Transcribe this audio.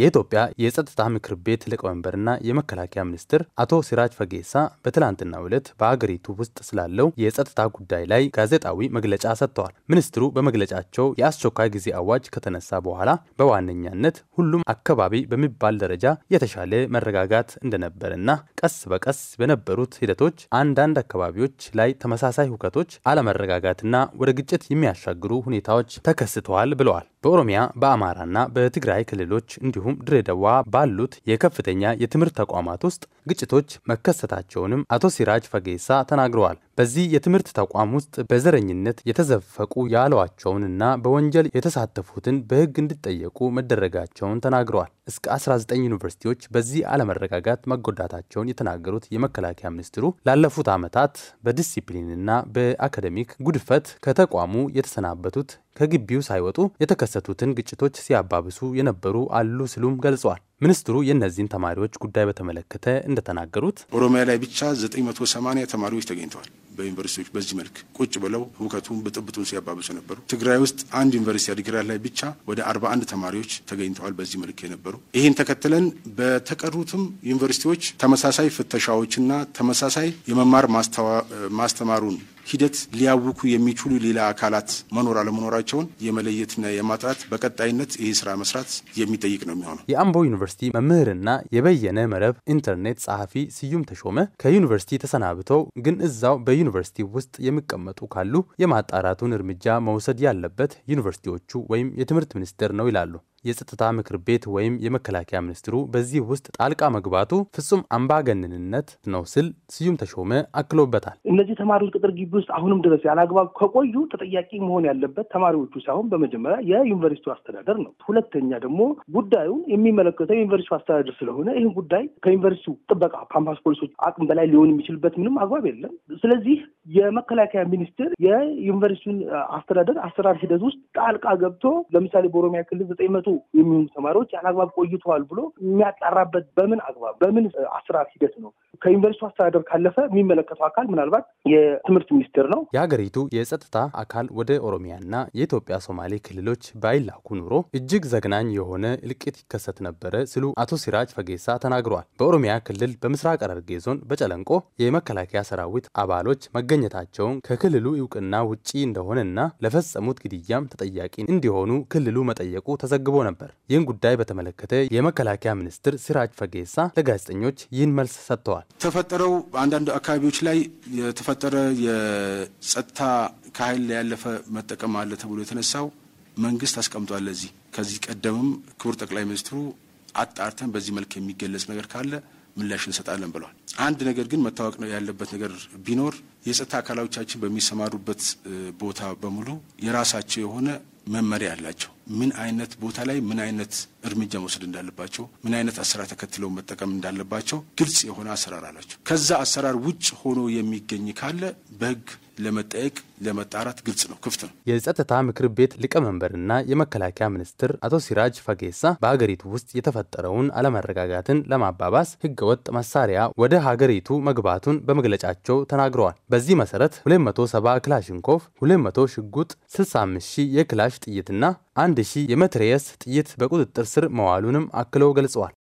የኢትዮጵያ የጸጥታ ምክር ቤት ሊቀመንበርና የመከላከያ ሚኒስትር አቶ ሲራጅ ፈጌሳ በትላንትና ዕለት በአገሪቱ ውስጥ ስላለው የጸጥታ ጉዳይ ላይ ጋዜጣዊ መግለጫ ሰጥተዋል። ሚኒስትሩ በመግለጫቸው የአስቸኳይ ጊዜ አዋጅ ከተነሳ በኋላ በዋነኛነት ሁሉም አካባቢ በሚባል ደረጃ የተሻለ መረጋጋት እንደነበርና ቀስ በቀስ በነበሩት ሂደቶች አንዳንድ አካባቢዎች ላይ ተመሳሳይ ሁከቶች፣ አለመረጋጋትና ወደ ግጭት የሚያሻግሩ ሁኔታዎች ተከስተዋል ብለዋል። በኦሮሚያ በአማራና በትግራይ ክልሎች እንዲሁም እንዲሁም ድሬዳዋ ባሉት የከፍተኛ የትምህርት ተቋማት ውስጥ ግጭቶች መከሰታቸውንም አቶ ሲራጅ ፈጌሳ ተናግረዋል። በዚህ የትምህርት ተቋም ውስጥ በዘረኝነት የተዘፈቁ ያሏቸውንና በወንጀል የተሳተፉትን በሕግ እንዲጠየቁ መደረጋቸውን ተናግረዋል። እስከ 19 ዩኒቨርሲቲዎች በዚህ አለመረጋጋት መጎዳታቸውን የተናገሩት የመከላከያ ሚኒስትሩ ላለፉት ዓመታት በዲሲፕሊንና በአካደሚክ ጉድፈት ከተቋሙ የተሰናበቱት ከግቢው ሳይወጡ የተከሰቱትን ግጭቶች ሲያባብሱ የነበሩ አሉ ሲሉም ገልጸዋል። ሚኒስትሩ የእነዚህን ተማሪዎች ጉዳይ በተመለከተ እንደተናገሩት ኦሮሚያ ላይ ብቻ 980 ተማሪዎች ተገኝተዋል። በዩኒቨርሲቲዎች በዚህ መልክ ቁጭ ብለው ሁከቱን ብጥብጡን ሲያባብሱ ነበሩ። ትግራይ ውስጥ አንድ ዩኒቨርሲቲ አዲግራት ላይ ብቻ ወደ 41 ተማሪዎች ተገኝተዋል። በዚህ መልክ የነበሩ ይህን ተከትለን በተቀሩትም ዩኒቨርሲቲዎች ተመሳሳይ ፍተሻዎችና ተመሳሳይ የመማር ማስተማሩን ሂደት ሊያውኩ የሚችሉ ሌላ አካላት መኖር አለመኖራቸውን የመለየትና የማጥራት በቀጣይነት ይህ ስራ መስራት የሚጠይቅ ነው የሚሆነው። የአምቦ ዩኒቨርሲቲ መምህርና የበየነ መረብ ኢንተርኔት ጸሐፊ ስዩም ተሾመ ከዩኒቨርሲቲ ተሰናብተው ግን እዛው በዩኒቨርሲቲ ውስጥ የሚቀመጡ ካሉ የማጣራቱን እርምጃ መውሰድ ያለበት ዩኒቨርሲቲዎቹ ወይም የትምህርት ሚኒስቴር ነው ይላሉ። የጸጥታ ምክር ቤት ወይም የመከላከያ ሚኒስትሩ በዚህ ውስጥ ጣልቃ መግባቱ ፍጹም አምባገነንነት ነው ስል ስዩም ተሾመ አክሎበታል። እነዚህ ተማሪዎች ቅጥር ግቢ ውስጥ አሁንም ድረስ ያለአግባብ ከቆዩ ተጠያቂ መሆን ያለበት ተማሪዎቹ ሳይሆን በመጀመሪያ የዩኒቨርሲቲው አስተዳደር ነው። ሁለተኛ ደግሞ ጉዳዩን የሚመለከተው የዩኒቨርሲቲው አስተዳደር ስለሆነ ይህን ጉዳይ ከዩኒቨርሲቲው ጥበቃ ካምፓስ ፖሊሶች አቅም በላይ ሊሆን የሚችልበት ምንም አግባብ የለም። ስለዚህ የመከላከያ ሚኒስቴር የዩኒቨርሲቲውን አስተዳደር አሰራር ሂደት ውስጥ ጣልቃ ገብቶ ለምሳሌ በኦሮሚያ ክልል ዘጠኝ መቶ የሚሆኑ ተማሪዎች አግባብ ቆይተዋል ብሎ የሚያጣራበት በምን አግባብ በምን አሰራር ሂደት ነው? ከዩኒቨርሲቲ አስተዳደር ካለፈ የሚመለከተው አካል ምናልባት የትምህርት ሚኒስቴር ነው። የሀገሪቱ የጸጥታ አካል ወደ ኦሮሚያና የኢትዮጵያ ሶማሌ ክልሎች ባይላኩ ኑሮ እጅግ ዘግናኝ የሆነ እልቂት ይከሰት ነበረ ሲሉ አቶ ሲራጅ ፈጌሳ ተናግረዋል። በኦሮሚያ ክልል በምስራቅ ሐረርጌ ዞን በጨለንቆ የመከላከያ ሰራዊት አባሎች መገኘታቸውን ከክልሉ እውቅና ውጪ እንደሆነና ለፈጸሙት ግድያም ተጠያቂ እንዲሆኑ ክልሉ መጠየቁ ተዘግቦ ቀርቦ ነበር። ይህን ጉዳይ በተመለከተ የመከላከያ ሚኒስትር ሲራጅ ፈጌሳ ለጋዜጠኞች ይህን መልስ ሰጥተዋል። የተፈጠረው አንዳንድ አካባቢዎች ላይ የተፈጠረ የጸጥታ ከኃይል ያለፈ መጠቀም አለ ተብሎ የተነሳው መንግስት አስቀምጧል። ለዚህ ከዚህ ቀደምም ክቡር ጠቅላይ ሚኒስትሩ አጣርተን በዚህ መልክ የሚገለጽ ነገር ካለ ምላሽ እንሰጣለን ብለዋል። አንድ ነገር ግን መታወቅ ነው ያለበት ነገር ቢኖር የጸጥታ አካሎቻችን በሚሰማሩበት ቦታ በሙሉ የራሳቸው የሆነ መመሪያ አላቸው። ምን አይነት ቦታ ላይ ምን አይነት እርምጃ መውሰድ እንዳለባቸው፣ ምን አይነት አሰራር ተከትለው መጠቀም እንዳለባቸው ግልጽ የሆነ አሰራር አላቸው። ከዛ አሰራር ውጭ ሆኖ የሚገኝ ካለ በህግ ለመጠየቅ ለመጣራት ግልጽ ነው፣ ክፍት ነው። የጸጥታ ምክር ቤት ሊቀመንበርና የመከላከያ ሚኒስትር አቶ ሲራጅ ፈጌሳ በሀገሪቱ ውስጥ የተፈጠረውን አለመረጋጋትን ለማባባስ ህገወጥ መሳሪያ ወደ ሀገሪቱ መግባቱን በመግለጫቸው ተናግረዋል። በዚህ መሰረት 270 ክላሽንኮቭ፣ 200 ሽጉጥ፣ 65 ሺህ የክላሽ ጥይትና 1 ሺህ የመትረየስ ጥይት በቁጥጥር ስር መዋሉንም አክለው ገልጸዋል።